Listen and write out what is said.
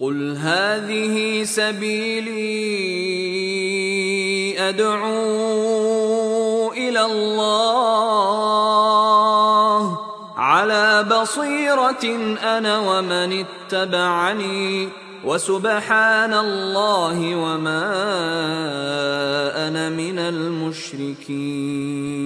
قل هذه سبيلي ادعو الى الله على بصيره انا ومن اتبعني وسبحان الله وما انا من المشركين